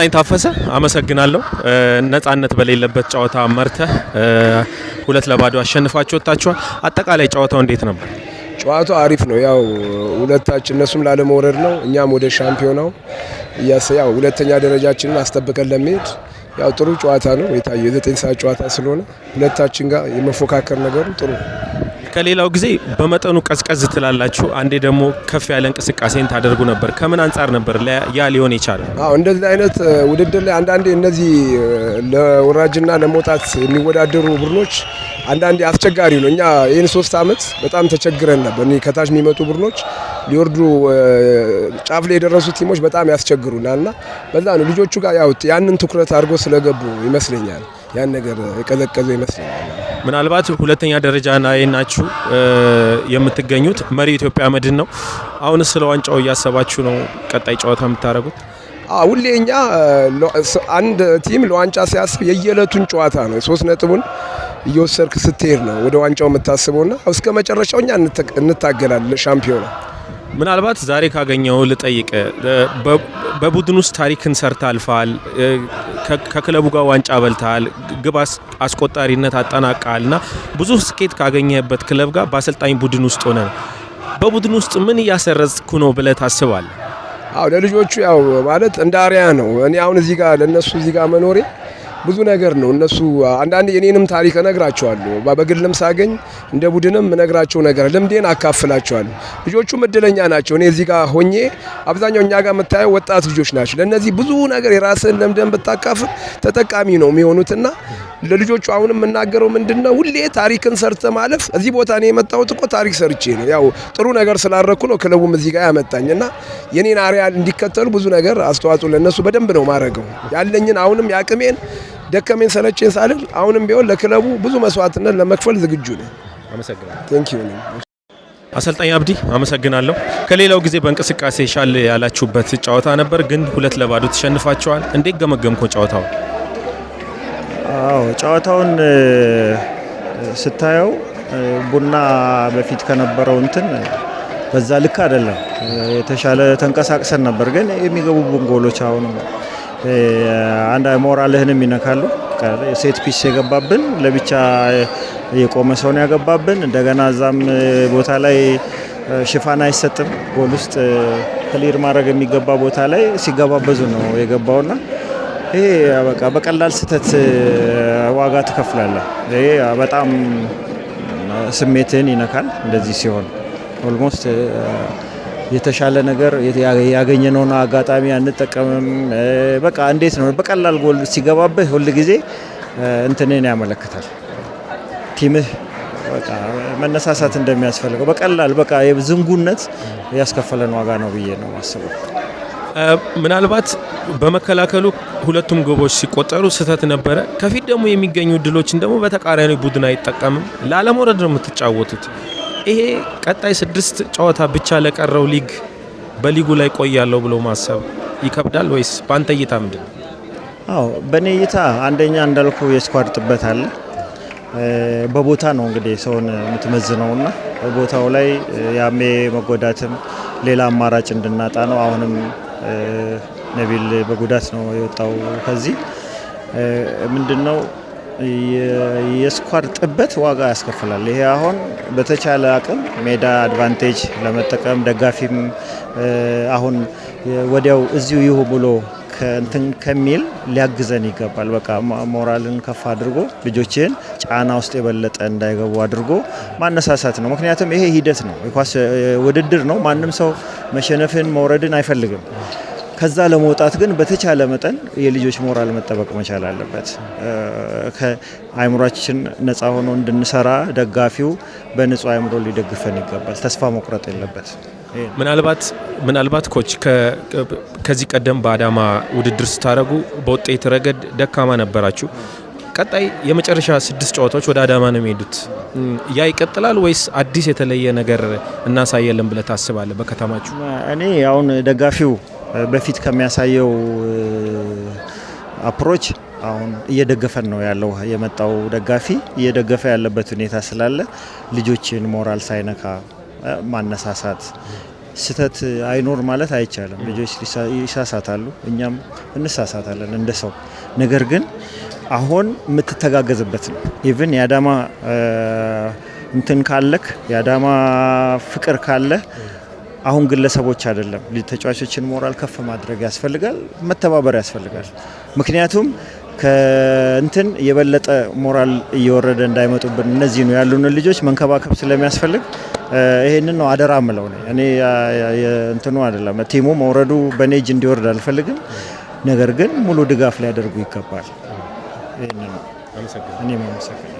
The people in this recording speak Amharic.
ጣኝ ታፈሰ አመሰግናለሁ። ነጻነት በሌለበት ጨዋታ መርተህ ሁለት ለባዶ አሸንፋችሁ ወጥታችኋል። አጠቃላይ ጨዋታው እንዴት ነበር? ጨዋታው አሪፍ ነው። ያው ሁለታችን እነሱም ላለመውረድ ነው፣ እኛም ወደ ሻምፒዮናው ያው ሁለተኛ ደረጃችንን አስጠብቀን ለመሄድ ያው ጥሩ ጨዋታ ነው የታየው። የዘጠኝ ሰዓት ጨዋታ ስለሆነ ሁለታችን ጋር የመፎካከር ነገሩ ጥሩ ከሌላው ጊዜ በመጠኑ ቀዝቀዝ ትላላችሁ፣ አንዴ ደግሞ ከፍ ያለ እንቅስቃሴን ታደርጉ ነበር። ከምን አንጻር ነበር ያ ሊሆን የቻለ? አዎ እንደዚህ አይነት ውድድር ላይ አንዳንዴ እነዚህ ለወራጅና ለመውጣት የሚወዳደሩ ቡድኖች አንዳንዴ አስቸጋሪ ነው። እኛ ይህን ሶስት ዓመት በጣም ተቸግረን ነበር። ከታች የሚመጡ ቡድኖች ሊወርዱ ጫፍ ላይ የደረሱ ቲሞች በጣም ያስቸግሩናል እና በዛ ነው ልጆቹ ጋር ያው ያንን ትኩረት አድርጎ ስለገቡ ይመስለኛል። ያን ነገር የቀዘቀዘ ይመስለኛል። ምናልባት ሁለተኛ ደረጃ ላይ ናችሁ የምትገኙት መሪ ኢትዮጵያ መድን ነው። አሁን ስለ ዋንጫው እያሰባችሁ ነው ቀጣይ ጨዋታ የምታደርጉት? ሁሌ እኛ አንድ ቲም ለዋንጫ ሲያስብ የየዕለቱን ጨዋታ ነው ሶስት ነጥቡን እየወሰድክ ስትሄድ ነው ወደ ዋንጫው ና እስከ መጨረሻው እኛ እንታገላለን ሻምፒዮና ምናልባት ዛሬ ካገኘው ልጠይቅ፣ በቡድን ውስጥ ታሪክን ሰርተ አልፋል፣ ከክለቡ ጋር ዋንጫ በልታል፣ ግብ አስቆጣሪነት አጠናቃል እና ብዙ ስኬት ካገኘበት ክለብ ጋር በአሰልጣኝ ቡድን ውስጥ ሆነ በቡድን ውስጥ ምን እያሰረጽኩ ነው ብለህ ታስባለህ? አዎ ለልጆቹ ያው ማለት እንደ አርያ ነው። እኔ አሁን እዚህ ጋር ለእነሱ እዚህ ጋር መኖሬ ብዙ ነገር ነው። እነሱ አንዳንዴ የኔንም ታሪክ እነግራቸዋለሁ። በግልም ሳገኝ እንደ ቡድንም እነግራቸው ነገር ልምዴን አካፍላቸዋለሁ። ልጆቹም እድለኛ ናቸው። እኔ እዚህ ጋር ሆኜ አብዛኛው እኛ ጋር የምታየው ወጣት ልጆች ናቸው። ለእነዚህ ብዙ ነገር የራስን ልምድን ብታካፍል ተጠቃሚ ነው የሚሆኑትና ለልጆቹ አሁን የምናገረው ምንድን ነው? ሁሌ ታሪክን ሰርተ ማለፍ። እዚህ ቦታ እኔ የመጣሁት እኮ ታሪክ ሰርቼ ነው። ያው ጥሩ ነገር ስላረኩ ነው ክለቡም እዚህ ጋር ያመጣኝ እና የኔን አሪያል እንዲከተሉ ብዙ ነገር አስተዋጽኦ ለእነሱ በደንብ ነው ማድረገው ያለኝን አሁንም ያቅሜን ደከሜን ሰለቼን ሳልል አሁንም ቢሆን ለክለቡ ብዙ መስዋዕትነት ለመክፈል ዝግጁ ነኝ። አመሰግናለሁ። አሰልጣኝ አብዲ አመሰግናለሁ። ከሌላው ጊዜ በእንቅስቃሴ ሻል ያላችሁበት ጨዋታ ነበር፣ ግን ሁለት ለባዶ ተሸንፋችኋል። እንዴት ገመገምኮ ጨዋታው? አዎ ጨዋታውን ስታየው ቡና በፊት ከነበረው እንትን በዛ ልክ አይደለም። የተሻለ ተንቀሳቅሰን ነበር፣ ግን የሚገቡ ጎሎች አሁን አንድ ሞራልህንም ይነካሉ። ሴት ፒስ የገባብን ለብቻ የቆመ ሰውን ያገባብን እንደገና እዛም ቦታ ላይ ሽፋን አይሰጥም። ጎል ውስጥ ክሊር ማድረግ የሚገባ ቦታ ላይ ሲገባበዙ ነው የገባውና ይሄ በቃ በቀላል ስህተት ዋጋ ትከፍላለህ። ይሄ በጣም ስሜትን ይነካል። እንደዚህ ሲሆን ኦልሞስት የተሻለ ነገር ያገኘነውን አጋጣሚ አንጠቀምም። በቃ እንዴት ነው በቀላል ጎል ሲገባብህ ሁል ጊዜ እንትንን ያመለክታል። ቲምህ መነሳሳት እንደሚያስፈልገው በቀላል በቃ የዝንጉነት ያስከፈለን ዋጋ ነው ብዬ ነው ማስበው። ምናልባት በመከላከሉ ሁለቱም ግቦች ሲቆጠሩ ስህተት ነበረ። ከፊት ደግሞ የሚገኙ እድሎችን ደግሞ በተቃራኒ ቡድን አይጠቀምም። ላለመውረድ ነው የምትጫወቱት። ይሄ ቀጣይ ስድስት ጨዋታ ብቻ ለቀረው ሊግ በሊጉ ላይ ቆያለሁ ብሎ ማሰብ ይከብዳል ወይስ በአንተ እይታ ምንድን ነው? አዎ በእኔ እይታ አንደኛ እንዳልኩ የስኳድ ጥበት አለ። በቦታ ነው እንግዲህ ሰውን የምትመዝነው ና ቦታው ላይ ያሜ መጎዳትም ሌላ አማራጭ እንድናጣ ነው አሁንም ነቢል በጉዳት ነው የወጣው። ከዚህ ምንድነው የስኳድ ጥበት ዋጋ ያስከፍላል። ይሄ አሁን በተቻለ አቅም ሜዳ አድቫንቴጅ ለመጠቀም ደጋፊም አሁን ወዲያው እዚሁ ይሁ ብሎ ከእንትን ከሚል ሊያግዘን ይገባል። በቃ ሞራልን ከፍ አድርጎ ልጆችን ጫና ውስጥ የበለጠ እንዳይገቡ አድርጎ ማነሳሳት ነው። ምክንያቱም ይሄ ሂደት ነው፣ የኳስ ውድድር ነው። ማንም ሰው መሸነፍን መውረድን አይፈልግም። ከዛ ለመውጣት ግን በተቻለ መጠን የልጆች ሞራል መጠበቅ መቻል አለበት። አይምሮችን ነፃ ሆኖ እንድንሰራ ደጋፊው በንጹህ አይምሮ ሊደግፈን ይገባል። ተስፋ መቁረጥ የለበት። ምናልባት ምናልባት ኮች ከዚህ ቀደም በአዳማ ውድድር ስታደረጉ በውጤት ረገድ ደካማ ነበራችሁ። ቀጣይ የመጨረሻ ስድስት ጨዋታዎች ወደ አዳማ ነው የሚሄዱት። ያ ይቀጥላል ወይስ አዲስ የተለየ ነገር እናሳየለን ብለ ታስባለህ? በከተማችሁ እኔ አሁን ደጋፊው በፊት ከሚያሳየው አፕሮች አሁን እየደገፈን ነው ያለው። የመጣው ደጋፊ እየደገፈ ያለበት ሁኔታ ስላለ ልጆችን ሞራል ሳይነካ ማነሳሳት ስህተት አይኖር ማለት አይቻልም። ልጆች ይሳሳታሉ፣ እኛም እንሳሳታለን እንደ ሰው። ነገር ግን አሁን የምትተጋገዝበት ነው። ኢቭን የአዳማ እንትን ካለክ የአዳማ ፍቅር ካለ አሁን ግለሰቦች አይደለም። ተጫዋቾችን ሞራል ከፍ ማድረግ ያስፈልጋል፣ መተባበር ያስፈልጋል። ምክንያቱም ከእንትን የበለጠ ሞራል እየወረደ እንዳይመጡብን እነዚህ ነው ያሉን ልጆች መንከባከብ ስለሚያስፈልግ ይሄንን ነው አደራ ምለው ነ እኔ እንትኑ አይደለም ቲሙ መውረዱ በኔ እጅ እንዲወርድ አልፈልግም። ነገር ግን ሙሉ ድጋፍ ሊያደርጉ ይገባል። ይህንን ነው እኔ